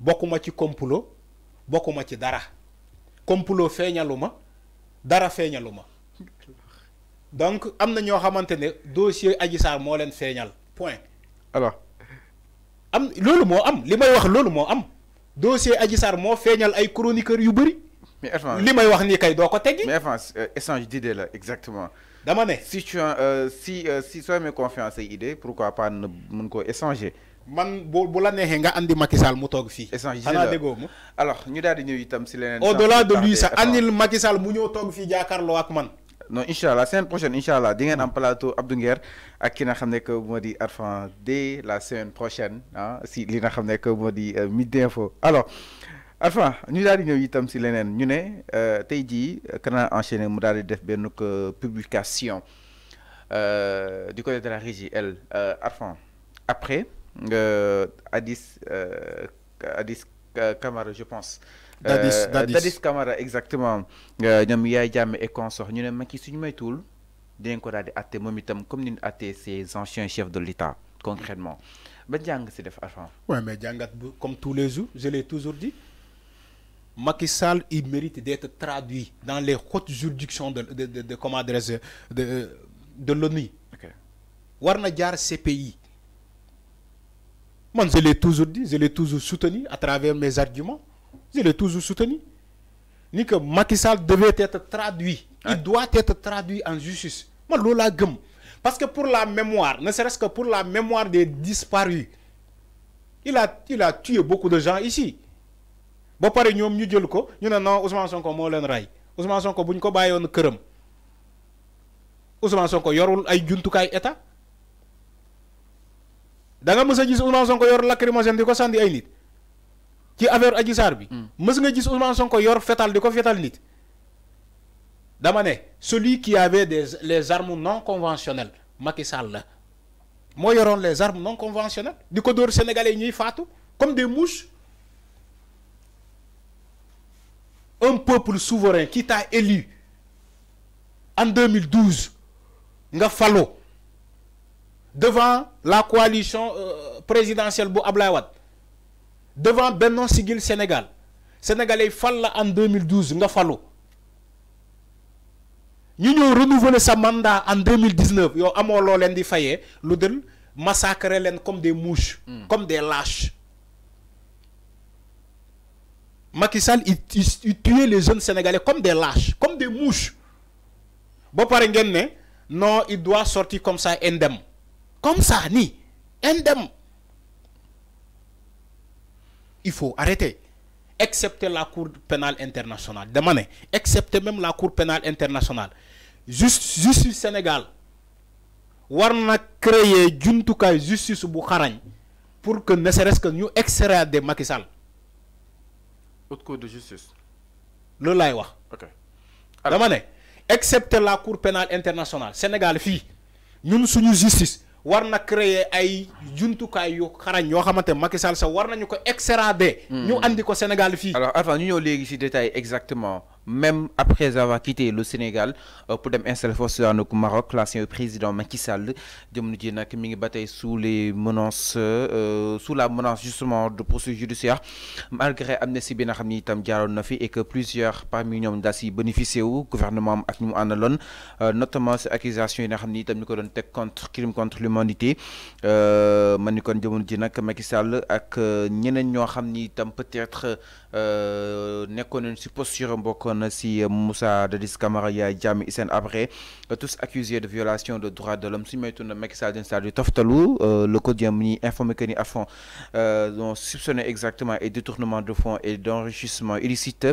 bokuma ci complot bokuma ci dara complot feñaluma dara feñaluma donc amna ño xamantene dossier Adji sar mo len feñal point. alors am loolu moo am limay wax lolu mo am dossier Adji sar mo feñal ay chroniqueurs yu bari mais li limay wax ni kay doo ko teggi. mais euh, échange d'idées là, exactement. dama ne si tu euh, si euh, si soo mes confiance et idées pourquoi pas mën ko échanger man bu la neexee nga andi Macky Sall mu tok fi xanaa déggoo ma alors ñu daal di ñëw itam si leneen. au delà de lui ça anil Macky Sall mu ñëw tok fi jaakarlo ak man. non incha semaine prochaine incha di ngeen am plateau Abdou Nguer ak ki nga xam que moo di Arfan dès la semaine prochaine hein si li nga xam que moo di euh, mid info alors. Arfan ñu daal di ñëw itam si leneen ñu né euh, tay ji Canal euh, enchaîner mu daal di def ben publication euh, du côté de la régie elle Arfan après. Euh, Addis euh, euh, Kamara, Camara je pense. Adis Kamara exactement Camara exactement. ñoom yaay jàmm et consort ñu ne Macky suñu moytuwul Nous ko daal di comme nous ñu ces anciens chefs de l'État concrètement ba jàng si def ouais mais comme tous les jours je l'ai toujours dit Macky Sall il mérite d'être traduit dans les hautes juridictions de de de de l'ONU. war na jaar pays moi, je l'ai toujours dit, je l'ai toujours soutenu à travers mes arguments. Je l'ai toujours soutenu. Ni que Macky devait être traduit. Il doit être traduit en justice. Moi, Parce que pour la mémoire, ne serait-ce que pour la mémoire des disparus, il a, il a tué beaucoup de gens ici. nous que nous da nga mës gis Ousmane Sonko yor lacrymogène di ko sànni ay nit ci affaire Adji Sarr bi. Hmm. mës nga gis Ousmane Sonko yor fetal di ko fetal nit. dama ne celui qui avait des les armes non conventionnelles Macky Sall la moo les armes non conventionnelles di ko dóor sénégalais yi ñuy faatu comme des mouches un peuple souverain qui t'a élu en 2012 nga fallo devant la coalition euh, présidentielle Bo Ablaye devant Benno Sigil Sénégal sénégalais falla en 2012 nga fallait. nous avons renouvelé sa mandat en 2019 Ils ont massacré les comme des mouches hmm. comme des lâches Macky il il les jeunes sénégalais comme des lâches comme des mouches Si vous non il doit sortir comme ça indemne comme ça, ni. indem. Il faut arrêter. accepter la Cour pénale internationale. Demandez. accepter même la Cour pénale internationale. Juste, juste Sénégal. Warna créé Juntuka une justice bu pour que ne serait-ce que nous extrader des Sall. Autre cour de justice. le laïwa ok Demandez. la cour pénale internationale Sénégal Nous nous suñu justice war na créer ay jumtukaay yu xarañ yoo xamante Macky Sall sax war nañu ko extrader. Hmm. ñu andi ko Sénégal fii. alors Alpha ñu ñëw léegi ci détail exactement. même après avoir quitté le Sénégal euh, pour dem installé force daanu ko Maroc l'ancien président Macky Sall jamono ji nag mi ngi ba sous les menaces euh, sous la menace justement de poursuites judiciaires malgré Amnesty bi nga xam ni na fi et que plusieurs parmi ñoom daa bénéficié wu gouvernement ak ñu mu euh, notamment ces accusations yi nga xam ni ñu ko doon tek contre crime contre l'humanité man ni kon ji nak Macky Sall ak ñeneen ño xamni ni peut-être nekkoon nañ si posture mbokkoon si euh, Moussa Dadis Kamara et Jami Hissène Abré, euh, tous accusés de violation de droits de l'homme. Si maintenant Macky Sall Taftalou, du euh, le quotidien mini informé que ni à fond, dont soupçonné exactement et détournement de fonds et d'enrichissement illicite.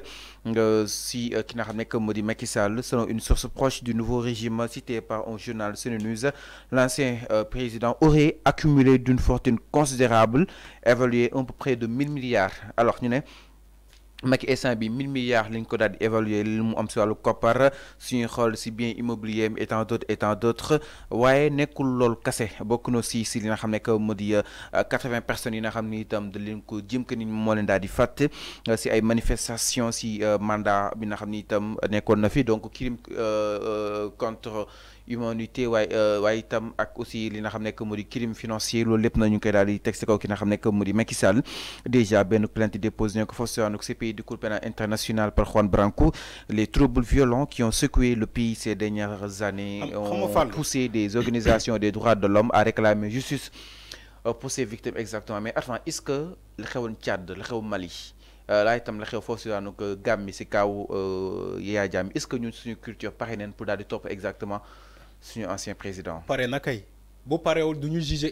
si qui n'a ramené comme dit Macky selon une source proche du nouveau régime cité par un journal Sénénews, l'ancien président aurait accumulé d'une fortune considérable, évaluée à peu près de 1000 milliards. Alors, nous Macky instant bi 1000 milliards liñ ko daal di évaluer li mu am si walu koppar suñu xol si bien immobilier et tant d'autres et tant d'autres waaye nekkul loolu kase bokk na si si li nga xamné que moo 80 euh, personnes yi nga xamni ni de liñ ko jim que ni mo len daal di faté euh, si ay manifestations ci euh, mandat bi nga xamni tam itam na fi donc crime contre humanité euh, waaye itam ak aussi li nga financiers nekk crime financier dans lepp nañu de koy dal di texte ko ki nga Macky Sall déjà plainte déposé ko pays du Cour pénale par Juan Branco les troubles violents qui ont secoué le pays ces dernières années ah, ont poussé des organisations des droits de l'homme à réclamer justice euh, pour ces victimes exactement mais attends est-ce que le xewon Tchad le euh, xew Mali laa itam le xew à si waanu Gàmbi si kaw Yaya est-ce que ñun suñu culture parallèle pour dal di top exactement suñu ancien président. paré nakay kay bu parewul du ñu jugé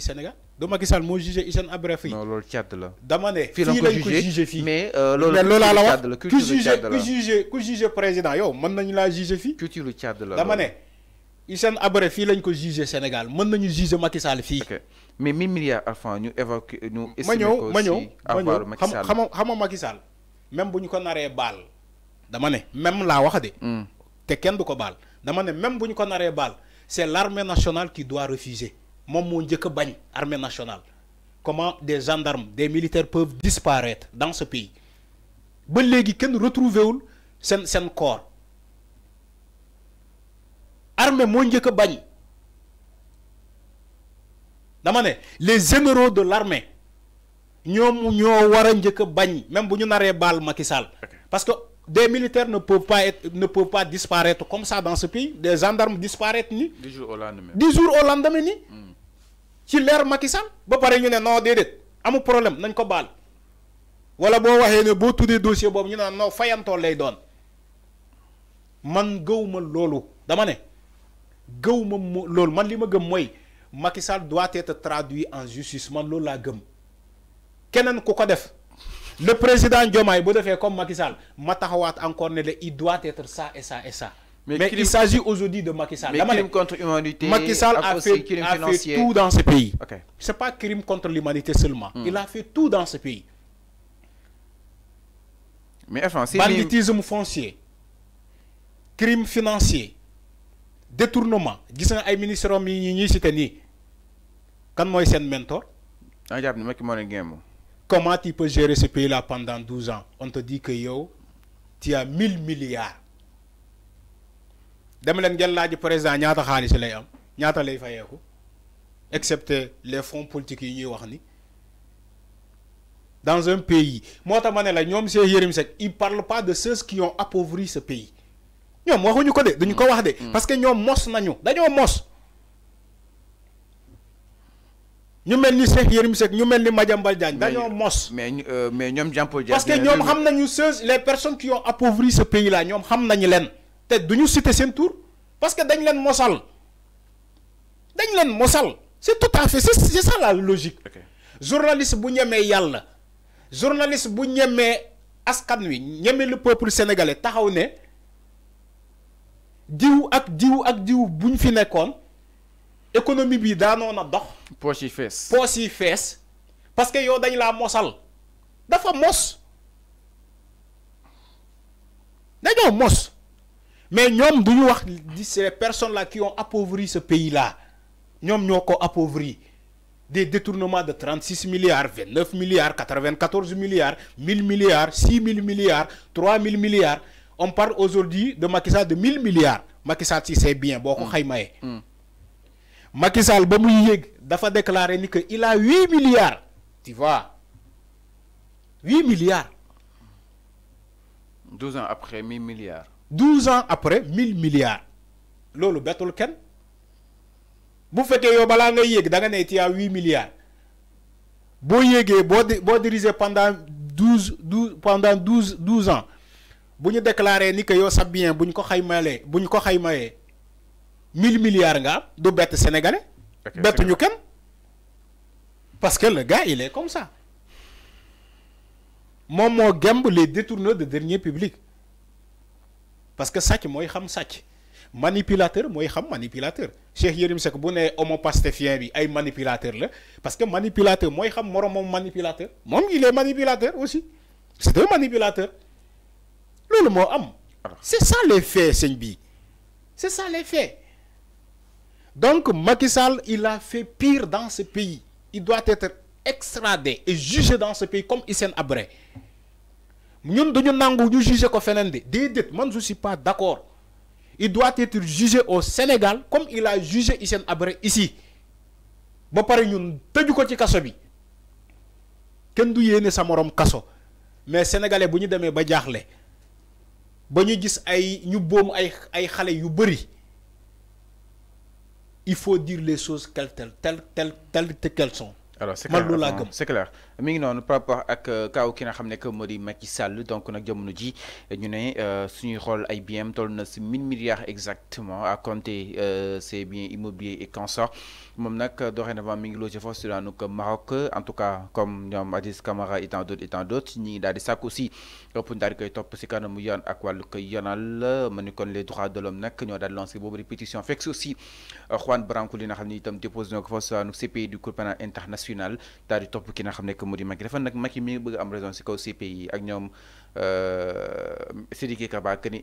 Sénégal do Macky Sall mo juger Hissène Habré non loolu càdd la. dama né fi lañ ko mais le euh, loolaa la wax ku juger ku juger ku juger président yo mën nañ la juger fi culture lu de la dama né Hissène Habré lañ ko juger Sénégal mën nañu juger Macky Sall fi mais mille milliards afan ñu évacué ñu. estimé ko ci ñëw ma ñëw xam xam Macky Sall même buñ ko naré bal dama né même la wax dé te kenn du ko dama même bu ñu ko naree baal c'est l'armée nationale qui doit refuser Mon moo njëkk a bañ armée nationale comment des gendarmes des militaires peuvent disparaître dans ce pays ba les kenn retrouvé wul seen corps armée moo njëkk a bañ dama les généraux de l'armée ñoom ñoo war a njëkk a bañ même bu ñu naree baal Macky Sall parce que des militaires ne peuvent pas être ne peuvent pas disparaître comme ça dans ce pays des gendarmes disparaissent ni. dix jours au lendemain dix jours au lendemain ni. Hmm. ci leer Macky Sall ba pare ñu ne non déedéet amu problème nañ ko baal wala boo waxee ne boo tuddee dossier boobu ñu ne non fayantoo lay doon man gëwma loolu dama ne Lolo. ma loolu man li ma gëm mooy Macky doit être traduit en justice man loolu laa gëm keneen ku ko def le président Diomaye comme Macky Sall ma encore il doit être ça et ça et ça. mais, il s'agit aujourd'hui de Macky Sall. Mais crime contre l'humanité Macky Sall a fait a fait tout dans ce pays. ok c'est pas crime contre l'humanité seulement. Hmm. il a fait tout dans ce pays. mais enfin banditisme foncier crime financier détournement gis nga ay ministres yi ñuy cité nii kan mooy un mentor. daa jàpp ne Macky un mentor comment tu peux gérer ce pays-là pendant 12 ans On te dit que yo, tu as 1000 milliards. dama leen ngeen laaj président ñaata xaalis lay am pas lay fayeeku excepté les fonds politiques yi ñuy wax dans un pays Moi, je ma ne la ñoom Cheikh Yérim Seck il parle pas de ceux qui ont appauvri ce pays ñoom waxuñu ko de duñu ko wax de mm. parce que ñoom mos nañu dañoo mos nous sommes Cheikh ñu mais mais euh, parce que nous les personnes qui ont appauvri ce pays là nous sommes qui ont te ce pays citer Nous tour parce que qui ont mosal ce c'est tout à fait c'est ça la logique. journaliste bu ñemee journaliste bu ñemee askan wi le peuple sénégalais taxaw ne diw ak diw ak buñ fi économie bi on na poche parce que yo dañ la mosal dafa mos mos mais nous du personnes là qui ont appauvri ce pays là ñoom ñoo appauvri des détournements de 36 milliards 29 milliards 94 milliards 1000 milliards 6000 milliards 3000 milliards on parle aujourd'hui de Macky de 1000 milliards Macky si c'est bien Macky Sall ba dafa déclaré qu'il il a 8 milliards tu vois 8 milliards. 12 ans après 1000 milliards. 12 ans après 1000 milliards. C'est ce que bu fekkee yo bala ngay da nga tu as 8 milliards Si tu bo pendant 12 12 pendant 12 12 ans buñu tu que bien buñ ko 1000 milliards nga du sénégalais. bettu ñu kenn parce que le gars il est comme ça Momo moo les détourneurs de dernier public. parce que sàcc moy xam sàcc manipulateur moy xam manipulateur Cheikh Yérim Seck bu né homo pastefien bi ay manipulateur la parce que manipulateur moy xam moroom manipulateur mom il est manipulateur aussi c'est un manipulateur lolu mo am c'est ça les faits seigne bi c'est ça les faits donc Macky Sall, il a fait pire dans ce pays. Il doit être extradé et jugé dans ce pays comme Hissène Abré. Nous pas juger je ne suis pas d'accord. Il doit être jugé au Sénégal comme il a jugé Hissène Abré ici. Nous ne le pas du côté sa morom kaso mais sénégalais bu ñu demee ba jaaxle ba ñu gis ay ñu boom ay ay xale yu il faut dire les choses telles, telles, telles, telles qu'elles sont alors c'est clair man loolu laa clair mi ngi par rapport ak euh, kaw ki nga xam que Macky Sall donc nak jamono ji euh, ñu né euh, suñu xol ay bien toll na ci 1000 milliards exactement à compter ces biens immobiliers et consorts moom nag dorénavant mi ngi ci foofu si daanu Maroc en tout cas comme ñoom Aziz Camara et tant d'autres et tant d' ñi dal di sàkk aussi pour daal di koy topp si kanamu yoon ak walu koy yoonal ma kon les droits de l'homme nak ñoo dal lancé bobu répétition fekk aussi Juan Branco li nga xam itam déposé na ko foofu si pays du Cour international final dal di top ki nga xamne ne que mu di Macky dafa nag Macky mi ngi bëgg am raison ci kaw CPI ak ñom euh Sidiki Kaba que ni CPI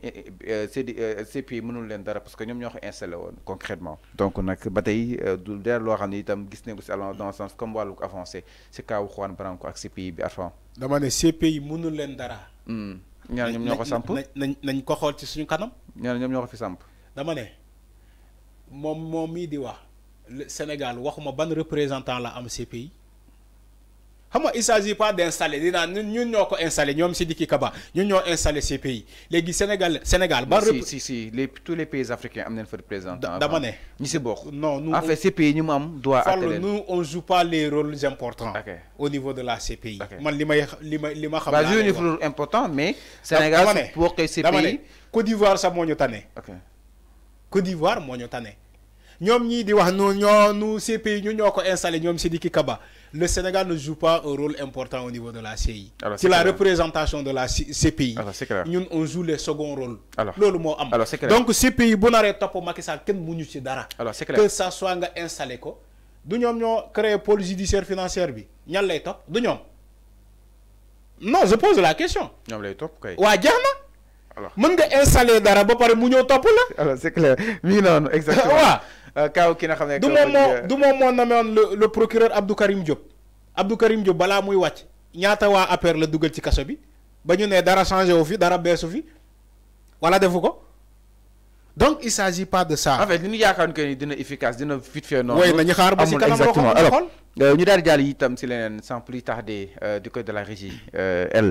eh, eh, euh, euh, mënul leen dara parce que ñom ñoo ko installé woon concrètement donc nak batay euh, du der lo xamni tam itam gis nañ ko si allant dans sens comme wàllu avancer ci kaw Juan Branco ak CPI bi Arfan. dama ne CPI mënul leen dara. Hmm. ñaar ñom ñoko samp nañ ko xol ci suñu kanam. ñaar ñom ñoko fi samp. dama ne mom momi di wax. Sénégal waxuma ban représentant la am ces pays xam nga il s'agit pas d'installer dinaa ñun ñoko installer ñom Sidiki Kaba ñun ñoo installer ces pays Légui Sénégal Sénégal. ban si si si les tous les pays africains am nañ fa représentant. dama né ñi si bokk. non nous en fait ces pays ñu am doit. nous on joue pas les rôles importants. au niveau de la CPI. man limay limay li ma li ma xam. Bah, laa rôle important mais. Sénégal pour que ces pays Côte d'Ivoire ça moñu tané. OK. Côte d'Ivoire moñu tané. tane ñom ñi di wax noonu ñoo nu CPI ñu ñoko installer ñom ñoom Sidiki Kaba le Sénégal ne joue pas un rôle important au niveau de la CI. c'est la représentation de la CPI. ñun on joue les second rôle. lolu mo am. donc CPI bu naré top Macky Sall kenn ñu ci dara. que ça soit nga installer ko du ñom ñoo créer pôle judiciaire financière bi ñal lay top, du ñom non je pose la question. ñom lay top kay. wa jaxna na. mën nga installer dara ba paré mu ñëw top la. alors c'est clair mi non exactement Euh, kaw ki le procureur Abdou Karim Diop Abdou Karim Diop bala muy wacc ñaata wa le dugal ci kasso bi ba ñu dara changé fi dara fi wala donc il s'agit pas de ça. en fait li dina efficace dina vite fait xaar kanam exactement euh, ñu daal sans plus tarder euh, du côté de la régie elle.